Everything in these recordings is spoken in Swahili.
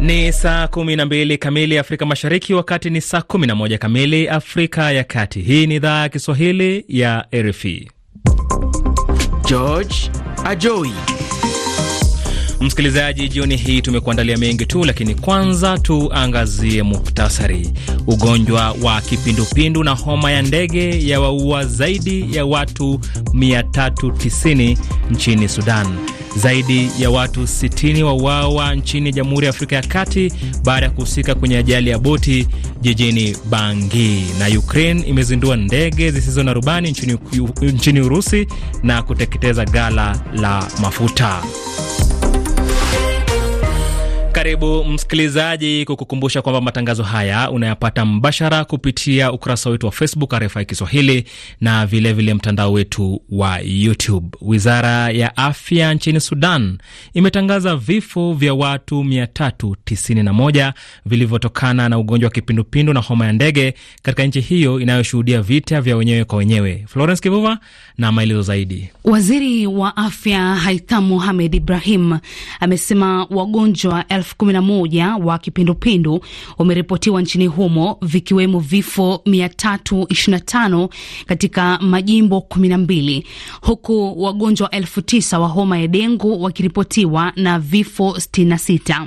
Ni saa 12 kamili Afrika Mashariki, wakati ni saa 11 kamili Afrika ya Kati. Hii ni idhaa ya Kiswahili ya RFI. George Ajoi Msikilizaji, jioni hii tumekuandalia mengi tu, lakini kwanza tuangazie muktasari. Ugonjwa wa kipindupindu na homa ya ndege ya waua zaidi ya watu 390 nchini Sudan. Zaidi ya watu 60 wauawa nchini Jamhuri ya Afrika ya Kati baada ya kuhusika kwenye ajali ya boti jijini Bangi. Na Ukraine imezindua ndege zisizo na rubani nchini, nchini Urusi na kuteketeza gala la mafuta. Karibu msikilizaji, kukukumbusha kwamba matangazo haya unayapata mbashara kupitia ukurasa wetu wa Facebook RFI Kiswahili na vilevile mtandao wetu wa YouTube. Wizara ya afya nchini Sudan imetangaza vifo vya watu 391 vilivyotokana na ugonjwa wa kipindupindu na homa ya ndege katika nchi hiyo inayoshuhudia vita vya wenyewe kwa wenyewe. Florence Kivuva na maelezo zaidi. Waziri wa afya Haitham Mohamed Ibrahim amesema wagonjwa elfu 11 wa kipindupindu wameripotiwa nchini humo vikiwemo vifo 325 katika majimbo 12 huku wagonjwa 9 wa homa ya dengu wakiripotiwa na vifo 66.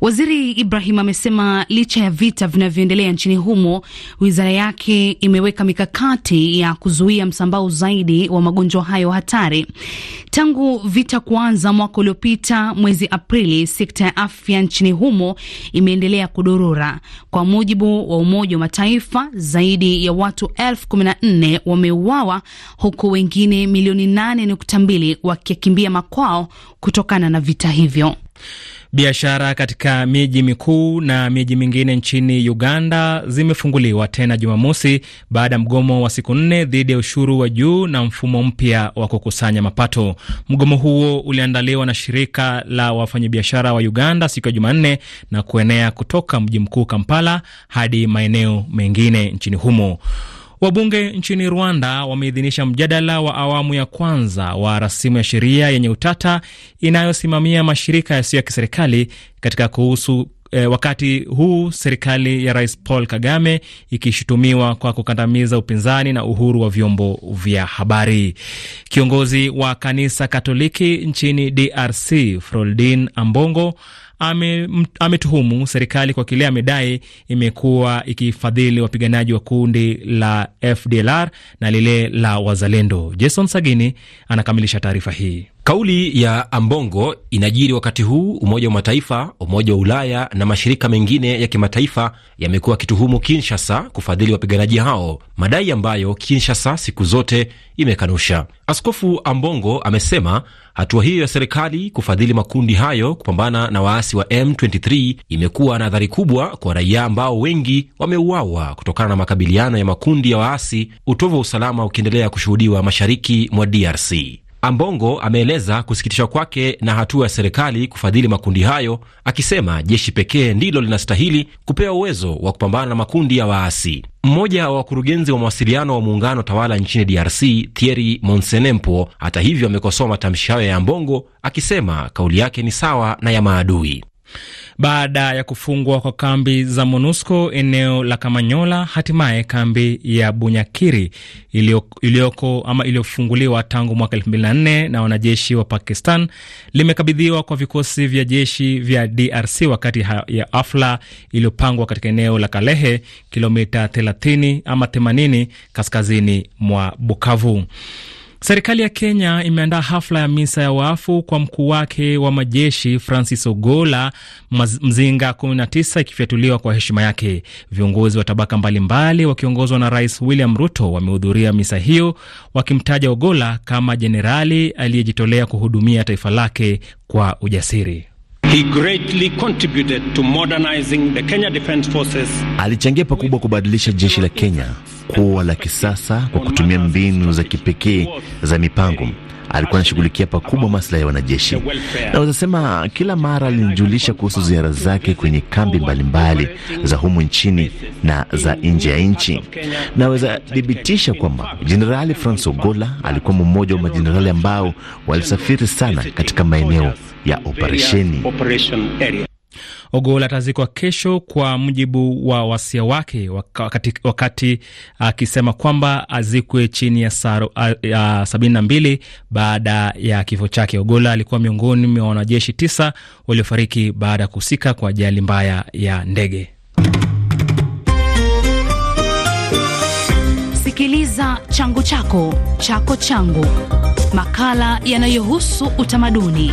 Waziri Ibrahim amesema licha ya vita vinavyoendelea nchini humo, wizara yake imeweka mikakati ya kuzuia msambao zaidi wa magonjwa hayo hatari. Tangu vita kuanza mwaka uliopita mwezi Aprili, sekta ya afya afya nchini humo imeendelea kudorora. Kwa mujibu wa Umoja wa Mataifa, zaidi ya watu elfu kumi na nne wameuawa huku wengine milioni nane nukta mbili wakikimbia makwao kutokana na vita hivyo. Biashara katika miji mikuu na miji mingine nchini Uganda zimefunguliwa tena Jumamosi baada ya mgomo wa siku nne dhidi ya ushuru wa juu na mfumo mpya wa kukusanya mapato. Mgomo huo uliandaliwa na shirika la wafanyabiashara wa Uganda siku ya Jumanne na kuenea kutoka mji mkuu Kampala hadi maeneo mengine nchini humo. Wabunge nchini Rwanda wameidhinisha mjadala wa awamu ya kwanza wa rasimu ya sheria yenye utata inayosimamia mashirika yasiyo ya kiserikali katika kuhusu E, wakati huu serikali ya Rais Paul Kagame ikishutumiwa kwa kukandamiza upinzani na uhuru wa vyombo vya habari. Kiongozi wa kanisa Katoliki nchini DRC Froldin Ambongo ametuhumu ame serikali kwa kile amedai imekuwa ikifadhili wapiganaji wa kundi la FDLR na lile la Wazalendo. Jason Sagini anakamilisha taarifa hii. Kauli ya Ambongo inajiri wakati huu Umoja wa Mataifa, Umoja wa Ulaya na mashirika mengine ya kimataifa yamekuwa yakituhumu Kinshasa kufadhili wapiganaji hao, madai ambayo Kinshasa siku zote imekanusha. Askofu Ambongo amesema hatua hiyo ya serikali kufadhili makundi hayo kupambana na waasi wa M23 imekuwa na athari kubwa kwa raia ambao wengi wameuawa kutokana na makabiliano ya makundi ya waasi, utovu wa usalama ukiendelea kushuhudiwa mashariki mwa DRC. Ambongo ameeleza kusikitishwa kwake na hatua ya serikali kufadhili makundi hayo, akisema jeshi pekee ndilo linastahili kupewa uwezo wa kupambana na makundi ya waasi. Mmoja wa wakurugenzi wa mawasiliano wa muungano tawala nchini DRC, Thierry Monsenempo, hata hivyo, amekosoa matamshi hayo ya Ambongo akisema kauli yake ni sawa na ya maadui. Baada ya kufungwa kwa kambi za MONUSCO eneo la Kamanyola, hatimaye kambi ya Bunyakiri iliyoko ama iliyofunguliwa tangu mwaka 2004 na wanajeshi wa Pakistan limekabidhiwa kwa vikosi vya jeshi vya DRC wakati ya afla iliyopangwa katika eneo la Kalehe, kilomita 30 ama 80 kaskazini mwa Bukavu. Serikali ya Kenya imeandaa hafla ya misa ya wafu kwa mkuu wake wa majeshi Francis Ogola Mzinga 19 ikifyatuliwa kwa heshima yake. Viongozi wa tabaka mbalimbali wakiongozwa na Rais William Ruto wamehudhuria misa hiyo wakimtaja Ogola kama jenerali aliyejitolea kuhudumia taifa lake kwa ujasiri. He greatly contributed to modernizing the Kenya Defence Forces. Alichangia pakubwa kubadilisha jeshi la Kenya kuwa la kisasa kwa kutumia mbinu za kipekee za mipango. Alikuwa anashughulikia pakubwa maslahi ya wanajeshi. Naweza sema kila mara alinijulisha kuhusu ziara zake kwenye kambi mbalimbali mbali za humu nchini na za nje ya nchi. Naweza thibitisha kwamba Jenerali Francois Ogola alikuwa mmoja wa majenerali ambao walisafiri sana katika maeneo ya operesheni. Ogola atazikwa kesho kwa mujibu wa wasia wake, wakati akisema uh, kwamba azikwe chini ya saa uh, sabini na mbili baada ya kifo chake. Ogola alikuwa miongoni mwa wanajeshi tisa waliofariki baada ya kuhusika kwa ajali mbaya ya ndege. Sikiliza changu chako chako changu, makala yanayohusu utamaduni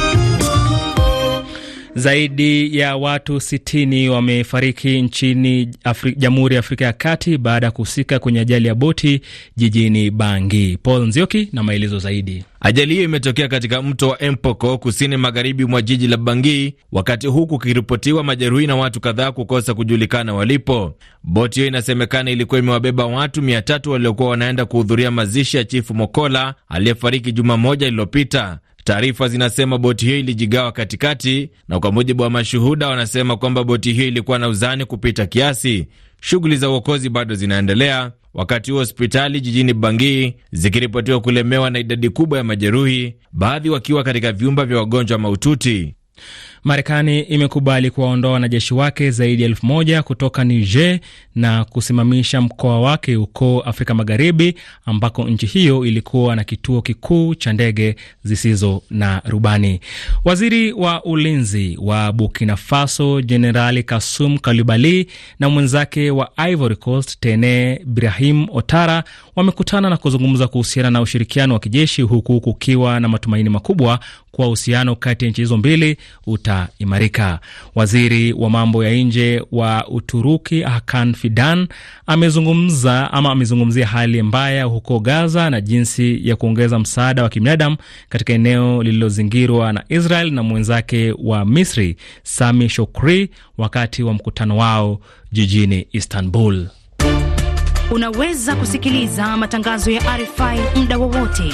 Zaidi ya watu 60 wamefariki nchini Jamhuri ya Afrika ya Kati baada ya kuhusika kwenye ajali ya boti jijini Bangi. Paul Nzioki na maelezo zaidi. Ajali hiyo imetokea katika mto wa Empoko kusini magharibi mwa jiji la bangi wakati huu kukiripotiwa majeruhi na watu kadhaa kukosa kujulikana walipo. Boti hiyo inasemekana ilikuwa imewabeba watu mia tatu waliokuwa wanaenda kuhudhuria mazishi ya Chifu Mokola aliyefariki juma moja lililopita. Taarifa zinasema boti hiyo ilijigawa katikati, na kwa mujibu wa mashuhuda wanasema kwamba boti hiyo ilikuwa na uzani kupita kiasi. Shughuli za uokozi bado zinaendelea, wakati huo hospitali jijini Bangui zikiripotiwa kulemewa na idadi kubwa ya majeruhi, baadhi wakiwa katika vyumba vya wagonjwa mahututi. Marekani imekubali kuwaondoa wanajeshi wake zaidi ya elfu moja kutoka Niger na kusimamisha mkoa wake huko Afrika Magharibi, ambako nchi hiyo ilikuwa na kituo kikuu cha ndege zisizo na rubani. Waziri wa ulinzi wa Burkina Faso Jenerali Kasum Kalibali na mwenzake wa Ivory Coast Tene Brahim Otara wamekutana na kuzungumza kuhusiana na ushirikiano wa kijeshi, huku kukiwa na matumaini makubwa kwa uhusiano kati ya nchi hizo mbili uta itaimarika. Waziri wa mambo ya nje wa Uturuki Hakan Fidan amezungumza ama amezungumzia hali mbaya huko Gaza na jinsi ya kuongeza msaada wa kibinadamu katika eneo lililozingirwa na Israel na mwenzake wa Misri Sami Shokri wakati wa mkutano wao jijini Istanbul. Unaweza kusikiliza matangazo ya RFI muda wowote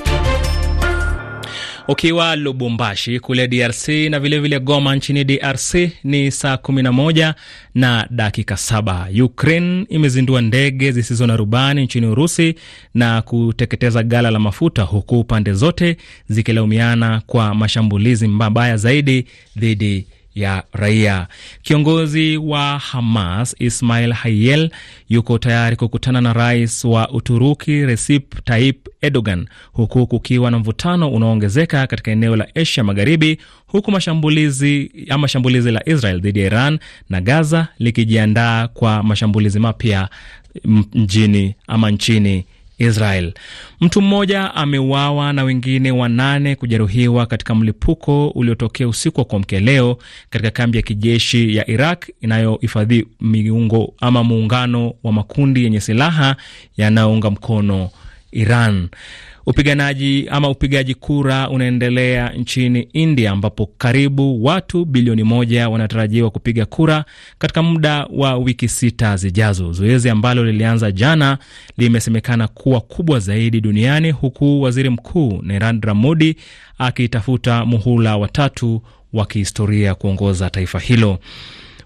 Ukiwa Lubumbashi kule DRC na vilevile vile Goma nchini DRC ni saa 11 na dakika saba. Ukraine imezindua ndege zisizo na rubani nchini Urusi na kuteketeza gala la mafuta, huku pande zote zikilaumiana kwa mashambulizi mabaya zaidi dhidi ya raia. Kiongozi wa Hamas Ismail Hayel yuko tayari kukutana na rais wa Uturuki Recep Tayyip Erdogan, huku kukiwa na mvutano unaoongezeka katika eneo la Asia Magharibi, huku mashambulizi ama shambulizi la Israel dhidi ya Iran na Gaza likijiandaa kwa mashambulizi mapya mjini ama nchini Israel. Mtu mmoja ameuawa na wengine wanane kujeruhiwa katika mlipuko uliotokea usiku wa kuamkia leo katika kambi ya kijeshi ya Iraq inayohifadhi miungo ama muungano wa makundi yenye silaha yanayounga mkono Iran. Upiganaji ama upigaji kura unaendelea nchini India ambapo karibu watu bilioni moja wanatarajiwa kupiga kura katika muda wa wiki sita zijazo. Zoezi ambalo lilianza jana limesemekana kuwa kubwa zaidi duniani huku waziri mkuu Narendra Modi akitafuta muhula watatu wa kihistoria kuongoza taifa hilo.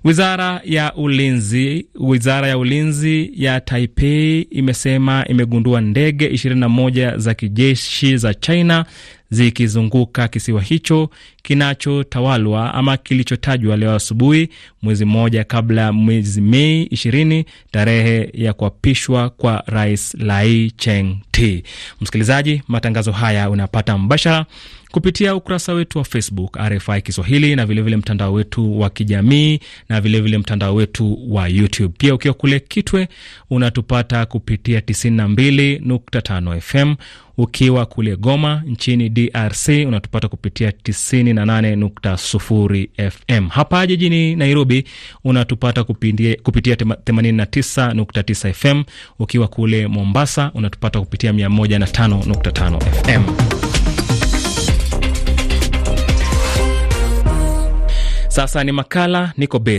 Wizara ya ulinzi wizara ya ulinzi ya Taipei imesema imegundua ndege 21 za kijeshi za China zikizunguka kisiwa hicho kinachotawalwa ama kilichotajwa leo asubuhi, mwezi mmoja kabla mwezi Mei ishirini, tarehe ya kuapishwa kwa Rais Lai Cheng-te. Msikilizaji, matangazo haya unapata mbashara kupitia ukurasa wetu wa Facebook RFI Kiswahili na vilevile mtandao wetu wa kijamii na vilevile mtandao wetu wa YouTube. Pia ukiwa kule Kitwe unatupata kupitia 92.5 FM. Ukiwa kule Goma nchini DRC unatupata kupitia 98.0 FM. Hapa jijini Nairobi unatupata kupitia 89.9 FM. Ukiwa kule Mombasa unatupata kupitia 105.5 FM. Sasa ni makala niko